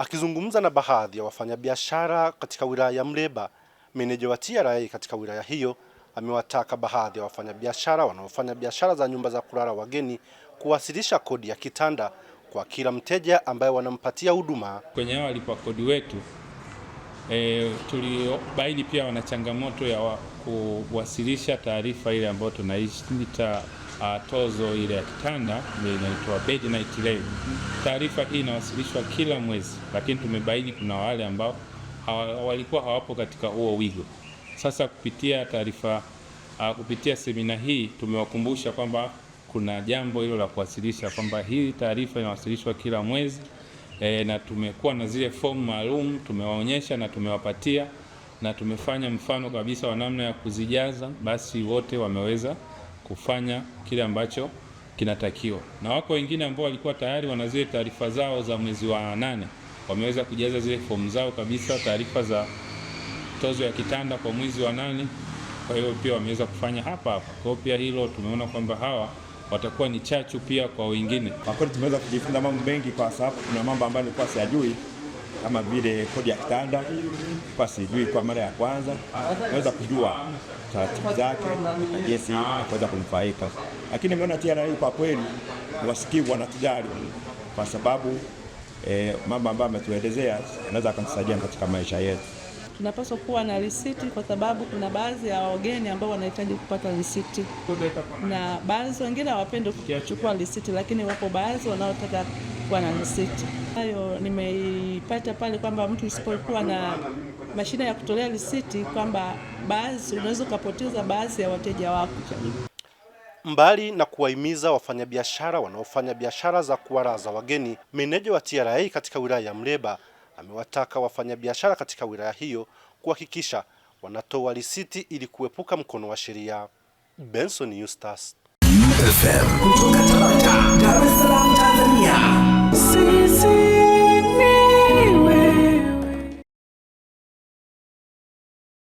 Akizungumza na baadhi ya wafanyabiashara katika wilaya ya Mleba, meneja wa TRA katika wilaya hiyo amewataka baadhi ya wafanyabiashara wanaofanya biashara za nyumba za kulala wageni kuwasilisha kodi ya kitanda kwa kila mteja ambaye wanampatia huduma. Kwenye hao walipa kodi wetu e, tulibaini pia wana changamoto ya kuwasilisha taarifa ile ambayo tunaita uh, tozo ile ya kitanda ile inaitwa bed night levy. Taarifa hii inawasilishwa kila mwezi, lakini tumebaini kuna wale ambao walikuwa hawapo katika huo wigo. Sasa kupitia taarifa uh, kupitia semina hii tumewakumbusha kwamba kuna jambo hilo la kuwasilisha kwamba hii taarifa inawasilishwa kila mwezi e, na tumekuwa na zile fomu maalum tumewaonyesha na tumewapatia na tumefanya mfano kabisa wa namna ya kuzijaza, basi wote wameweza kufanya kile ambacho kinatakiwa. Na wako wengine ambao walikuwa tayari wana zile taarifa zao za mwezi wa nane, wameweza kujaza zile fomu zao kabisa, taarifa za tozo ya kitanda kwa mwezi wa nane. Kwa hiyo pia wameweza kufanya hapa hapa. Kwa hiyo pia hilo tumeona kwamba hawa watakuwa ni chachu pia kwa wengine. Kwa kweli tumeweza kujifunza mambo mengi, kwa sababu kuna mambo ambayo nilikuwa siyajui kama vile kodi ya kitanda, kwa sijui kwa mara ya kwanza naweza kujua taratibu zake na jinsi kuweza kunufaika. Lakini nimeona TRA kwa kweli ni wasikivu wanatujali, kwa sababu e, mambo ambayo ametuelezea anaweza akatusaidia katika maisha yetu. Tunapaswa kuwa na risiti kwa sababu kuna baadhi ya wageni ambao wanahitaji kupata risiti, na baadhi wengine hawapendi kuchukua risiti, lakini wapo baadhi wanaotaka kuwa na risiti. Hayo nimeipata pale kwamba mtu usipokuwa na mashine ya kutolea risiti kwamba baadhi unaweza ukapoteza baadhi ya wateja wako. Mbali na kuwahimiza wafanyabiashara wanaofanya biashara za kuwaraza wageni, meneja wa TRA katika wilaya ya Mleba amewataka wafanyabiashara katika wilaya hiyo kuhakikisha wanatoa risiti ili kuepuka mkono wa sheria. Benson Eustace FM.